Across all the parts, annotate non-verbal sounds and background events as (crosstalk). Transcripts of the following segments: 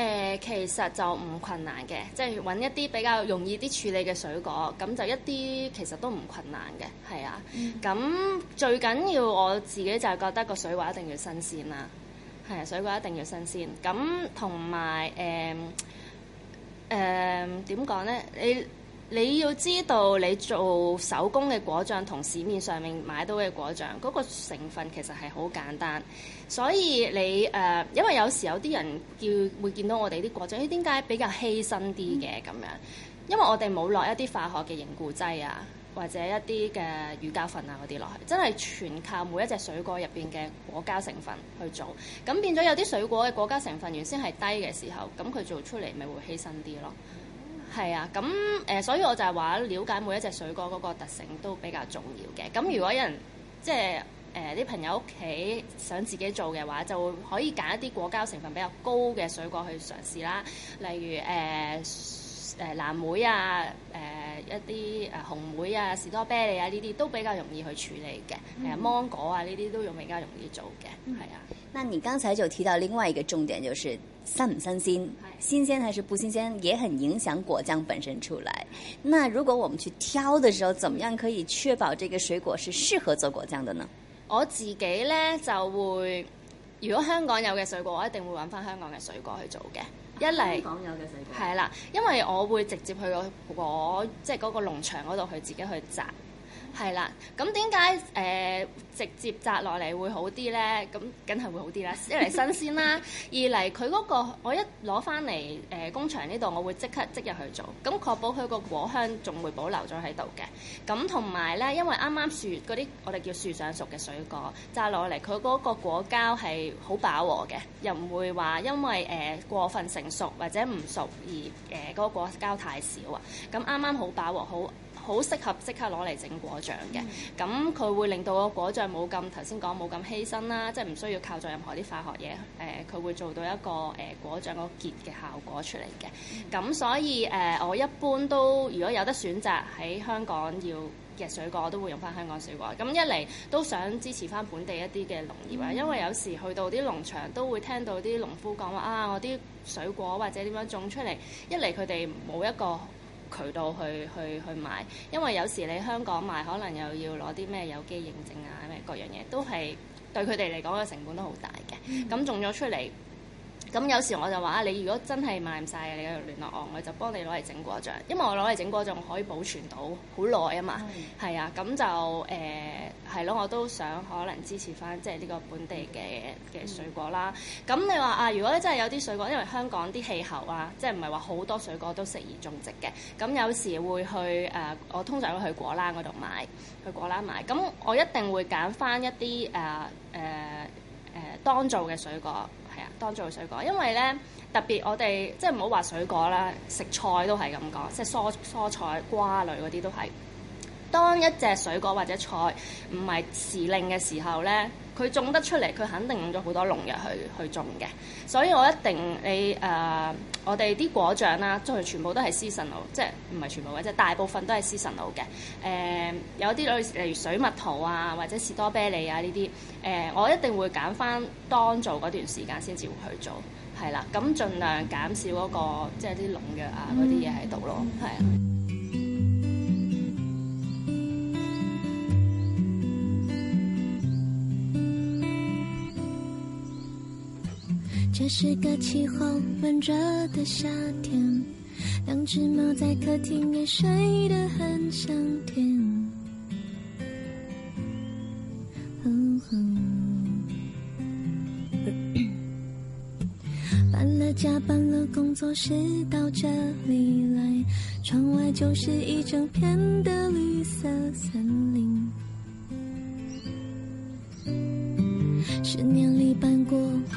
誒、呃、其實就唔困難嘅，即係揾一啲比較容易啲處理嘅水果，咁就一啲其實都唔困難嘅，係啊。咁、mm hmm. 嗯、最緊要我自己就係覺得個水果一定要新鮮啦，係啊，水果一定要新鮮。咁同埋誒誒點講呢？你你要知道，你做手工嘅果醬同市面上面買到嘅果醬嗰個成分其實係好簡單，所以你誒、呃，因為有時有啲人叫會見到我哋啲果醬，咦，點解比較稀身啲嘅咁樣？因為我哋冇落一啲化學嘅凝固劑啊，或者一啲嘅乳膠粉啊嗰啲落去，真係全靠每一隻水果入邊嘅果膠成分去做，咁變咗有啲水果嘅果膠成分原先係低嘅時候，咁佢做出嚟咪會稀身啲咯。係啊，咁誒、呃，所以我就係話了解每一隻水果嗰個特性都比較重要嘅。咁如果有人即係誒啲朋友屋企想自己做嘅話，就可以揀一啲果膠成分比較高嘅水果去嘗試啦。例如誒誒、呃、藍莓啊，誒、呃、一啲誒紅莓啊、士多啤梨啊呢啲都比較容易去處理嘅。誒、嗯呃、芒果啊呢啲都用比較容易做嘅。係、嗯、啊，那你剛才就提到另外一個重點就算、是。新唔新鮮，新鮮還是不新鮮，也很影響果醬本身出來。那如果我們去挑的時候，怎麼樣可以確保這個水果是適合做果醬的呢？我自己呢，就會，如果香港有嘅水果，我一定會揾翻香港嘅水果去做嘅。一嚟，香港有嘅水果係啦，因為我會直接去、那個果，即係嗰個農場嗰度去自己去摘。係啦，咁點解誒直接摘落嚟會好啲咧？咁梗係會好啲啦，一嚟新鮮啦， (laughs) 二嚟佢嗰個我一攞翻嚟誒工場呢度，我會即刻即日去做，咁確保佢個果香仲會保留咗喺度嘅。咁同埋咧，因為啱啱樹嗰啲我哋叫樹上熟嘅水果摘落嚟，佢嗰個果膠係好飽和嘅，又唔會話因為誒、呃、過分成熟或者唔熟而誒嗰、呃那個果膠太少啊。咁啱啱好飽和好。好適合即刻攞嚟整果醬嘅，咁佢、mm hmm. 會令到個果醬冇咁頭先講冇咁犧牲啦，即係唔需要靠住任何啲化學嘢，誒、呃、佢會做到一個誒、呃、果醬個結嘅效果出嚟嘅。咁、mm hmm. 所以誒、呃，我一般都如果有得選擇喺香港要嘅水果，我都會用翻香港水果。咁一嚟都想支持翻本地一啲嘅農業呀，mm hmm. 因為有時去到啲農場都會聽到啲農夫講話啊，我啲水果或者點樣種出嚟，一嚟佢哋冇一個渠道去去去買，因為有時你香港買可能又要攞啲咩有機認證啊，咩各樣嘢都係對佢哋嚟講嘅成本都好大嘅，咁、嗯、種咗出嚟。咁有時我就話啊，你如果真係賣唔晒嘅，你聯絡我，我就幫你攞嚟整果醬，因為我攞嚟整果醬，我可以保存到好耐啊嘛，係、嗯、啊，咁就誒係咯，我都想可能支持翻即係呢個本地嘅嘅水果啦。咁、嗯、你話啊，如果真係有啲水果，因為香港啲氣候啊，即係唔係話好多水果都適宜種植嘅，咁有時會去誒、呃，我通常會去果欄嗰度買，去果欄買。咁我一定會揀翻一啲誒誒誒當造嘅水果。係啊，當做水果，因為咧特別我哋即係唔好話水果啦，食菜都係咁講，即係蔬蔬菜瓜類嗰啲都係。當一隻水果或者菜唔係時令嘅時候咧，佢種得出嚟，佢肯定用咗好多農藥去去種嘅，所以我一定你誒、呃，我哋啲果醬啦、啊，都係全部都係 seasonal，即係唔係全部，即係大部分都係 seasonal 嘅。誒、呃，有啲類似例如水蜜桃啊，或者士多啤梨啊呢啲，誒、呃，我一定會揀翻當造嗰段時間先至會去做，係啦，咁盡量減少嗰、那個即係啲農藥啊嗰啲嘢喺度咯，係啊。這是個氣候悶熱的夏天，兩隻貓在客廳裏睡得很香甜。哦哦 (coughs) 搬了家，搬了工作室，到這裏來，窗外就是一整片的綠色森林。十年。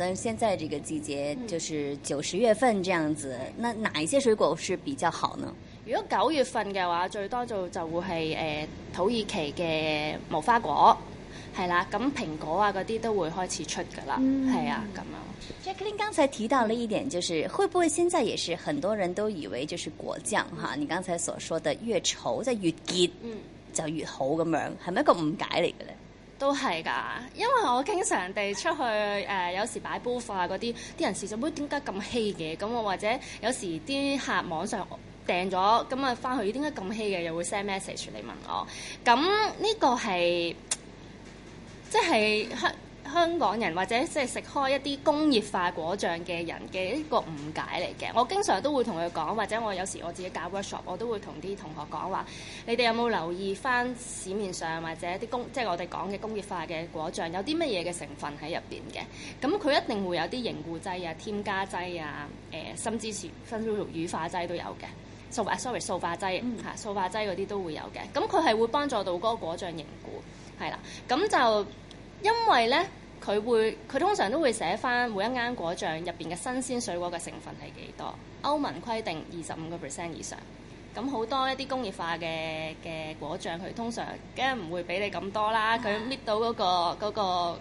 咁現在這個季節就是九十月份這樣子，嗯、那哪一些水果是比較好呢？如果九月份嘅話，最多就就會係誒、呃、土耳其嘅無花果，係啦，咁蘋果啊嗰啲都會開始出噶啦，係、嗯、啊咁樣。Jacqueline 剛才提到了一點，就是、嗯、會不會現在也是很多人都以為就是果醬、嗯、哈，你剛才所說的越稠即係越結，嗯，就越好咁樣，係咪一個誤解嚟嘅咧？都係㗎，因為我經常地出去誒、呃，有時擺煲飯嗰啲，啲人時就會點解咁稀嘅？咁我或者有時啲客網上訂咗，咁啊翻去點解咁稀嘅？又會 send message 嚟問我，咁呢個係即係，就是香港人或者即係食開一啲工業化果醬嘅人嘅一個誤解嚟嘅。我經常都會同佢講，或者我有時我自己搞 workshop，我都會同啲同學講話：你哋有冇留意返市面上或者啲工，即係我哋講嘅工業化嘅果醬有啲乜嘢嘅成分喺入邊嘅？咁佢一定會有啲凝固劑啊、添加劑啊、誒、呃，甚至前分乳化劑都有嘅。s o sorry，塑化劑嚇塑化劑嗰啲都會有嘅。咁佢係會幫助到嗰個果醬凝固係啦。咁就。因為咧，佢會佢通常都會寫翻每一間果醬入邊嘅新鮮水果嘅成分係幾多？歐盟規定二十五個 percent 以上。咁好多一啲工業化嘅嘅果醬，佢通常梗係唔會俾你咁多啦。佢搣到嗰個，啊，嗰個，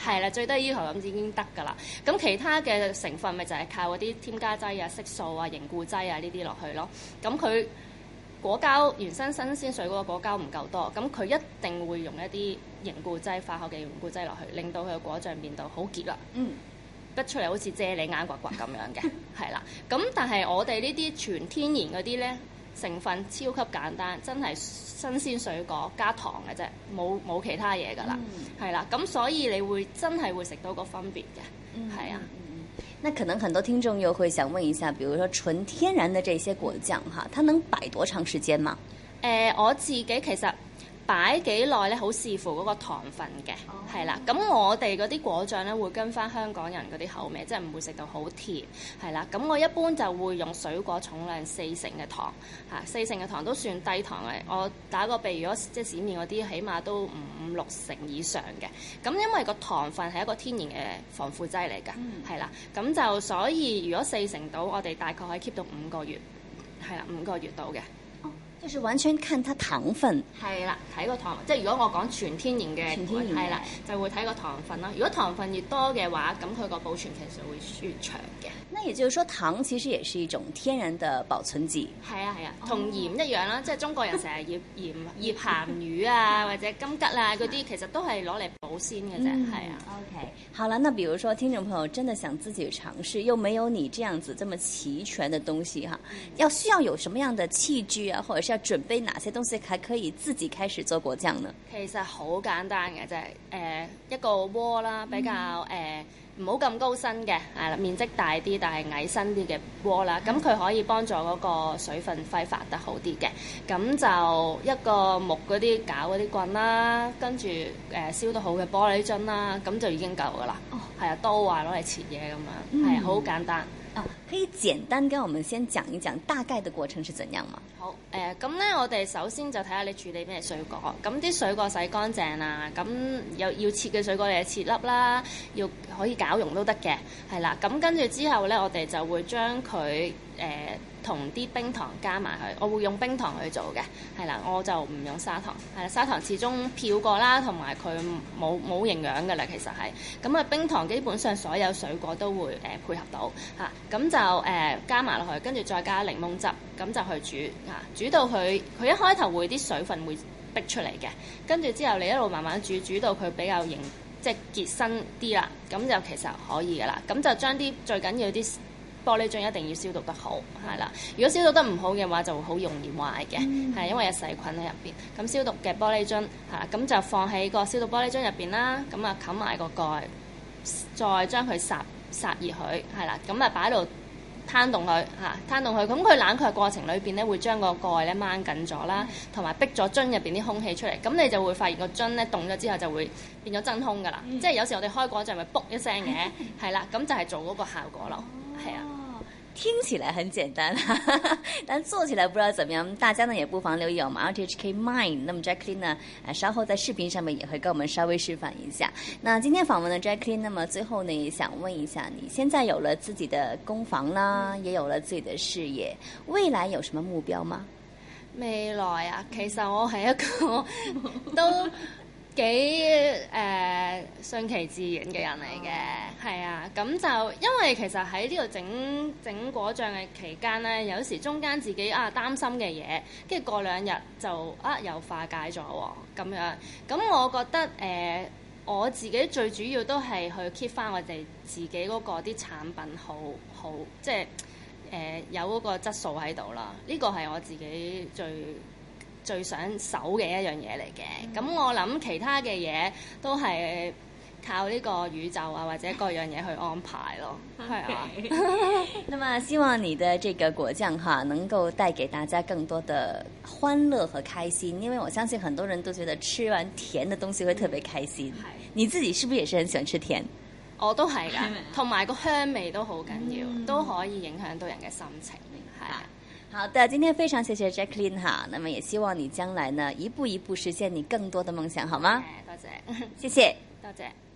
係啦，最低要求咁已經得㗎啦。咁其他嘅成分咪就係靠嗰啲添加劑啊、色素啊、凝固劑啊呢啲落去咯。咁佢果膠原生新鮮水果嘅果膠唔夠多，咁佢一定會用一啲。凝固劑、化學嘅凝固劑落去，令到佢嘅果醬變到好結啦。嗯，擠出嚟好似啫喱眼刮刮咁樣嘅，係啦。 (laughs) 咁但係我哋呢啲全天然嗰啲咧成分超級簡單，真係新鮮水果加糖嘅啫，冇冇其他嘢噶啦，係啦、嗯。咁所以你會真係會食到個分別嘅，係啊。那可能很多聽眾又會想問一下，譬如說純天然的這些果醬哈，它能擺多長時間嗎？誒、呃，我自己其實。擺幾耐咧，好視乎嗰個糖分嘅，係啦、oh.。咁我哋嗰啲果醬咧，會跟翻香港人嗰啲口味，即係唔會食到好甜，係啦。咁我一般就會用水果重量四成嘅糖，嚇、啊、四成嘅糖都算低糖嘅。我打個比喻，如果即係市面嗰啲，起碼都五六成以上嘅。咁因為個糖分係一個天然嘅防腐劑嚟㗎，係啦、mm.。咁就所以，如果四成到，我哋大概可以 keep 到五個月，係啦，五個月到嘅。即係完全看它糖分，係啦，睇個糖。即係如果我講全天然嘅，係啦，的就會睇個糖分啦。如果糖分越多嘅話，咁佢個保存其實會越長嘅。那也就是說，糖其實也是一種天然嘅保存劑。係啊，係啊，同鹽一樣啦。哦、即係中國人成日要鹽、醃鹹魚啊， (laughs) 或者金桔啊嗰啲，其實都係攞嚟。唔新嘅啫，係啊。 (noise) 嗯、OK，好啦，那比如說聽眾朋友真的想自己嘗試，又沒有你這樣子這麼齊全的東西哈，嗯、要需要有什麼樣的器具啊，或者是要準備哪些東西，才可以自己開始做果醬呢？其實好簡單嘅，就係誒一個鍋啦，比較誒。嗯呃唔好咁高身嘅，係啦，面積大啲，但係矮身啲嘅鍋啦。咁佢、嗯、可以幫助嗰個水分揮發得好啲嘅。咁就一個木嗰啲攪嗰啲棍啦，跟住誒燒得好嘅玻璃樽啦，咁就已經夠噶啦。哦，係啊，刀啊攞嚟切嘢咁啊，係好、嗯、簡單。啊，oh, 可以簡單跟我們先講一講大概的過程是怎樣嘛？好，誒咁咧，我哋首先就睇下你處理咩水果，咁啲水果洗乾淨啦，咁有要切嘅水果你就切粒啦，要可以攪融都得嘅，係啦，咁跟住之後咧，我哋就會將佢誒。呃同啲冰糖加埋去，我會用冰糖去做嘅，係啦，我就唔用砂糖，係啦，砂糖始終漂過啦，同埋佢冇冇營養㗎啦，其實係，咁、嗯、啊冰糖基本上所有水果都會誒、呃、配合到，嚇、啊，咁就誒、呃、加埋落去，跟住再加檸檬汁，咁就去煮，嚇、啊，煮到佢佢一開頭會啲水分會逼出嚟嘅，跟住之後你一路慢慢煮，煮到佢比較凝，即係結身啲啦，咁就其實就可以㗎啦，咁就將啲最緊要啲。玻璃樽一定要消毒得好，係啦。如果消毒得唔好嘅話，就會好容易壞嘅，係、嗯、因為有細菌喺入邊。咁消毒嘅玻璃樽，嚇，咁就放喺個消毒玻璃樽入邊啦。咁啊，冚埋個蓋，再將佢殺殺熱佢，係啦。咁啊，擺喺度攤凍佢，嚇，攤凍佢。咁佢冷卻過程裏邊咧，會將個蓋咧掹緊咗啦，同埋逼咗樽入邊啲空氣出嚟。咁你就會發現個樽咧凍咗之後就會變咗真空㗎啦。嗯、即係有時我哋開果醬咪卜一聲嘅，係啦。咁就係做嗰個效果咯。 (laughs) (laughs) 聽起來很簡單，哈哈，但做起來不知道怎麼樣。大家呢也不妨留意我們 RTHK Mine 那麼 Jacqueline 呢，啊稍後在視頻上面也會跟我們稍微示範一下。那今天訪問的 Jacqueline，那麼最後呢，也想問一下，你現在有了自己的工房啦，嗯、也有了自己的事業，未來有什麼目標嗎？未來啊，其實我係一個都。 (laughs) 幾誒、呃、順其自然嘅人嚟嘅，係啊、oh.，咁就因為其實喺呢度整整果醬嘅期間呢，有時中間自己啊擔心嘅嘢，跟住過兩日就啊又化解咗喎、啊，咁樣。咁我覺得誒、呃，我自己最主要都係去 keep 返我哋自己嗰個啲產品好好，即係誒有嗰個質素喺度啦。呢、這個係我自己最最想守嘅一樣嘢嚟嘅，咁，mm. 嗯、我諗其他嘅嘢都係靠呢個宇宙啊，或者各樣嘢去安排咯。係啊，那麼希望你的這個果醬哈，能夠帶給大家更多的歡樂和開心，因為我相信很多人都覺得吃完甜嘅東西會特別開心。Mm hmm. mm hmm. 你自己是不是也是很喜歡吃甜？ (coughs) 我都係，㗎，同埋個香味都好緊要，mm hmm. 都可以影響到人嘅心情。好的，今天非常謝謝 Jacqueline 哈，那麼也希望你將來呢一步一步實現你更多的夢想，好嗎？Okay, thank you. 謝謝，謝謝。